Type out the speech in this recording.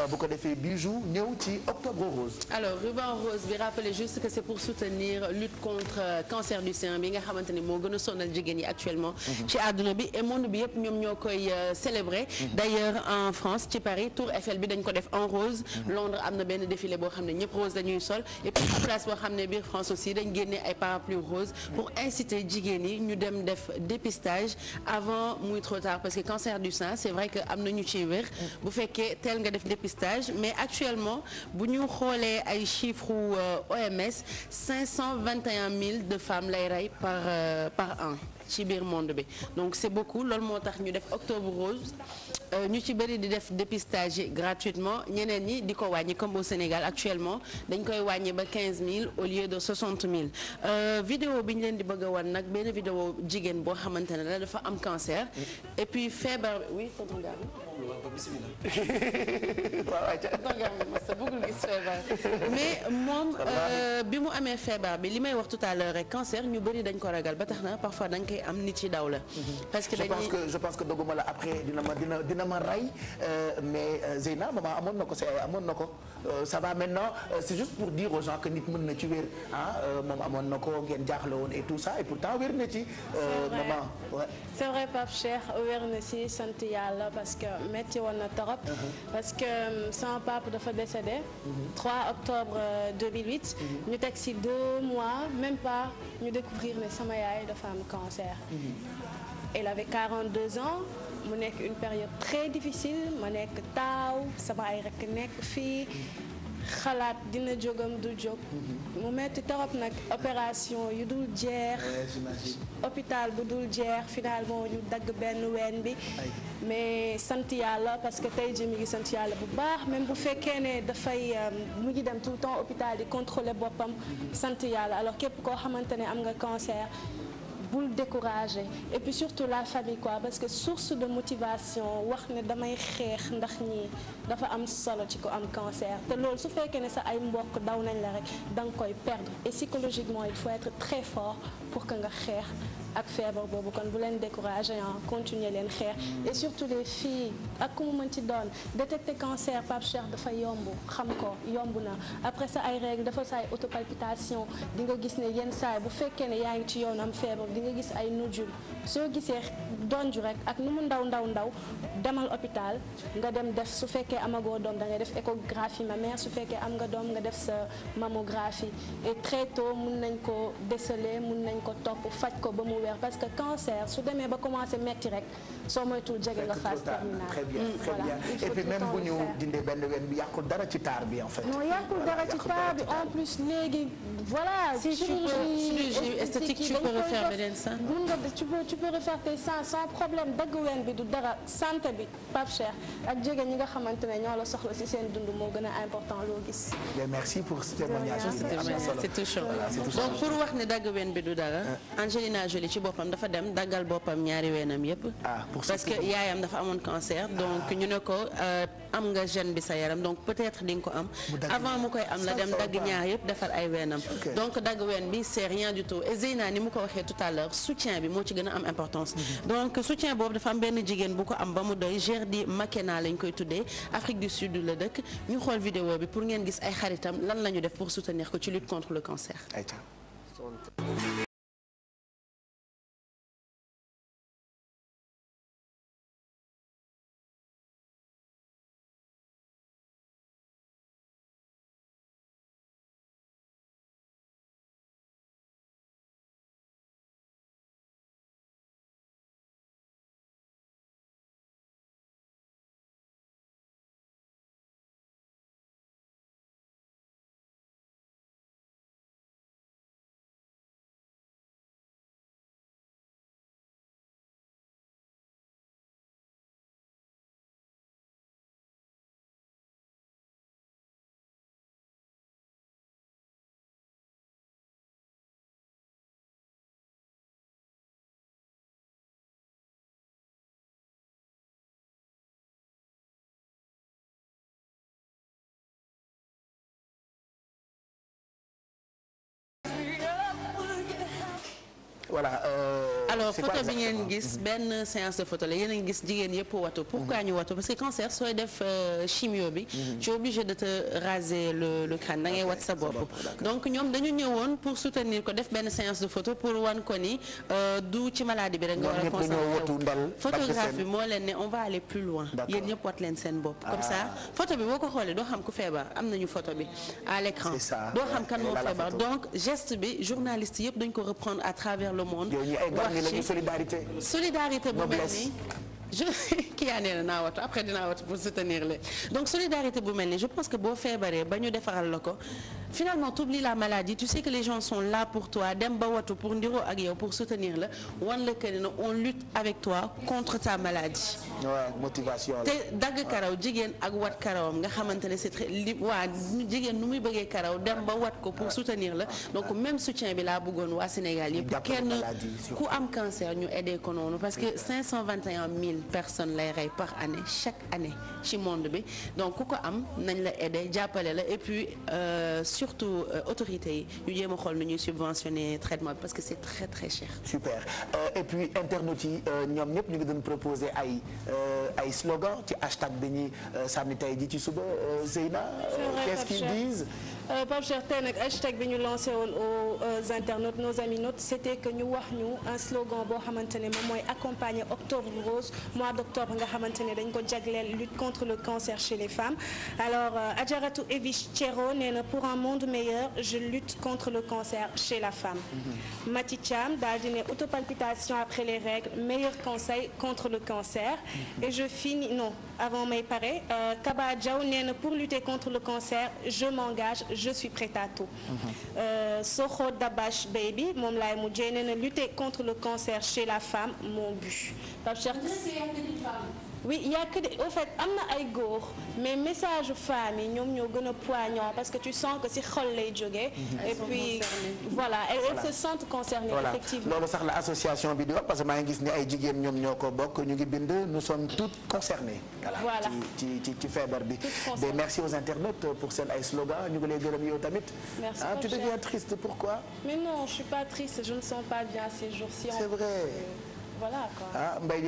Euh, bu ko defee bijou ñëw ci octobre rose. alors ruban rose bi rappeler juste que c'est pour soutenir lutte contre euh, cancer du sein bi nga xamante ni moo gën a sonal jigéen yi actuellement. Mhm. ci àdduna bi et monde bi yëpp ñoom ñoo koy euh, célébrer. Mhm. d'ailleurs en France ci Paris tour Eiffel bi dañ ko def en rose. Mhm. Londres am na benn défilé boo xam ne ñëpp rose dañuy sol et puis place boo xam ne biir France aussi dañ génne ay parapluie rose pour inciter jigéen yi ñu dem def dépistage avant muy trop tard parce que cancer du sein c'est vrai que am na ñu ciy wér bu fekkee teel nga def dépistage dépistage mais actuellement bu ñu xoolee ay chiffres OMS 521 000 de femmes lay rey par euh, par an ci biir monde bi donc c'est beaucoup loolu moo tax ñu def octobre rose. Euh, ñu ci bëri di def dépistage yi gratuitement ñeneen ñi di ko wàññi comme au Sénégal actuellement dañ koy wàññi ba mille au lieu de mille euh, vidéo bi ñu leen di bëgg a nag benn vidéo jigéen boo xamante ne la dafa am cancer et puis feebar oui tontongaar bëggul gis feebar mais moom euh, bi mu amee feebar bi li may wax tout à l'heure rek cancer ñu bëri dañ ko ragal ba tax na parfois dañ koy am nit yi daw la mhm. parce que je pense la après dina ma dina dina ma rey euh, mais euh, Zeyna maman amoon na ko sa yaay amoon na ko euh, ça va maintenant c'est juste pour dire aux gens que nit mën na ci wér ah moom amoon na ko ngeen jaaxle woon et tout ça et pourtant wér na ci. maman waaw. c'est vrai Pape Cheikh wér na si sant yàlla parce que métti woon na torop. Uh-huh. parce que sama papa dafa décédé. 3 uh-huh. octobre 2008. Uh-huh. ñu teg si deux mois même pas ñu découvrir ne sama yaay dafa am cancer. elle avait 42 ans. mu nekk une période très difficile ma nekk taaw sama ay rekk nekk fii xalaat dina jógam du jóg mhm. mu metti torop nag opération yu dul jeex hôpital bu dul jeex finalement ñu dagg benn ween bi mais sant parce que tey jii mi ngi sant bu baax même bu fekkee ne dafay euh, mu ngi dem tout le temps hôpital di contrôler boppam mhm. sant yàlla alors képp koo xamante ne am nga cancer bul découragé et puis surtout la famille quoi parce que source de motivation wax ne damay xeex ndax ñii dafa am solo ci ko am cancer te loolu su fekkee ne sa ay mbokk daw nañ la rek da nga koy perdre et psychologiquement il faut être très fort pour que nga xeex ak feebar boobu kon bu leen découragé en continuer leen xeex e surtout les filles ak ku mu mën ci doon détecter cancer Pape Cheikh dafa yomb xam ko yomb na après ça ay règles dafa saay autopalpitation di nga gis ne yenn saay bu fekkee ne yaa ngi ci yoon am feebar di nga gis ay nodule soo gisee donju rek ak nu mu ndaw ndaw ndaw demal hôpital nga dem def su fekkee amagoo doom da ngay def échographie mammaire su fekkee am nga doom nga def sa mammographie et très tôt mun nañ ko déceler mun nañ ko topp faj ko ba mu weer parce que cancer su demee ba commencé metti rek soo moytuwul jege nga phase terminale très bien très bien et bu ñu dindee benn ween bi yàqul dara ci taar bi en plus léegi voilà. si chirurgie esthétique tu peux refaire beneen tu peux tu peux refaire tes sans problème dagg ween bi du dara santé bi Pape Cheikh ak jege ñi nga xamante ne ñoo la soxla ci seen dund moo gën a important loo gis. merci pour ce donc pour wax ne dagg ween bi du dara. Euh. Angelina Jolie ci boppam dafa dem daggal boppam ñaari weenam yépp ah, parce que yaayam dafa amoon cancer donc ñu ne ko euh, am nga gène bi sa yaram donc peut-être di nga ko am. avant mu koy am la dem dagg ñaar yépp defar ay weenam. donc dagg ween bi c'est rien du tout et Zeyna ni mu ko waxee tout à l'heure bi moo ci gën am importance mm-hmm. donc soutien boobu dafa am benn jigéen bu ko am ba mu doy Gerdy Makena lañ koy tuddee Afrique du Sud la dëkk ñu xool vidéo bi pour ngeen gis ay xaritam lan lañu def pour soutenir ko ci lutte contre le cancer. voilà. Euh... alors photo bi ngeen gis mhm. benn séance de photo la yéen a ngi gis jigéen yëpp pour pourquoi mhm. ñu watu parce que cancer sooy def euh, chimio bi mhm. tu es de te raser le le crâne da ngay wat sa bopp donc ñoom dañu ñëwoon pour soutenir ko def benn séance de photo pour wan ko ni euh, du ci maladie bi rek nga war a concentré bi moo leen ne on va aller plus loin yéen ñëpp wat leen seen bopp comme ça ah. photo bi boo ko xoolee doo xam ku feebar am nañu photo bi à l'écran doo xam kan moo feebar donc bi journaliste yëpp dañ ko reprendre à travers le monde bi lañu solidarité. solidarité bu mel ni kii yaa na naa watu après dinaa watu pour soutenir le bu mel ni je pense que boo feebaree ba ñu defaral la ko. finalement t'oublies la maladie tu sais que les gens sont là pour toi dem ba watu pour ndiroo ak yow pour soutenir la wan la que ne on lutte avec toi contre ta maladie. waaw motivation la te dagg karaw jigéen ak wat karawam nga xamante ne c'est très li waa jigéen nu muy bëggee karaw dem ba wat ko pour soutenir la donc même soutien bi laa bëggoon waa Sénégal yëpp kenn ku am cancer ñu aidé ko noonu parce que 521 000 personnes lay rey par année chaque année ci monde bi donc ku ko nañ la aidé jàppale la et euh, surtout euh, autorités yi ñu jéem a xool nu ñuy subventionner traitement bi parce que c'est très très cher. super euh, et puis internautes yi euh, ñoom ñëpp ñu ngi doon proposer ay ay slogan ci hashtag bi ñuy sànni tey ji ci suba Zeyna. qu'est-ce qu'ils disent Euh, Pape Cheikh hashtag bi ñu lancé woon aux euh, internautes nos aminotes c' était que ñu wax ñu un slogan boo xamante ne moom mooy accompagner octobre rose mois d' octobre nga xamante ne dañ ko jagleel lutte contre le cancer chez les femmes alors euh, Adjaratou Evich Thiero nee na pour un monde meilleur je lutte contre le cancer chez la femme mm-hmm. Mati Thiam daal di ne autopalpitation après les règles meilleur conseil contre le cancer mm-hmm. et je finis non avant may pare euh, Kaba Diaw nee na pour lutter contre le cancer je m'engage je suis prête à tout mhm. euh, Soho Dabash Baby moom laay mujjee nee na lutter contre le cancer chez la femme mon but Pape Cheikh oui y a que des au fait am na ay góor mais message femmes yi ñoom ñoo gën a poignant parce que tu sens que si xol lay jógee. Mhm. et puis voilà elles se sentent concernées effectivement. sax la association bi di wax parce que maa ngi gis ni ay jigéen ñoom ñoo ko bokk ñu ngi bind nous sommes toutes concernées. voilà ci ci ci feebar bi. des merci aux internautes pour seen ay slogan ñu ngi lay gërëm yow tamit. merci ah tu deviens triste pourquoi. mais non je suis pas triste je ne sens pas bien ces jours-ci. c'est vrai euh, voilà quoi. Ah,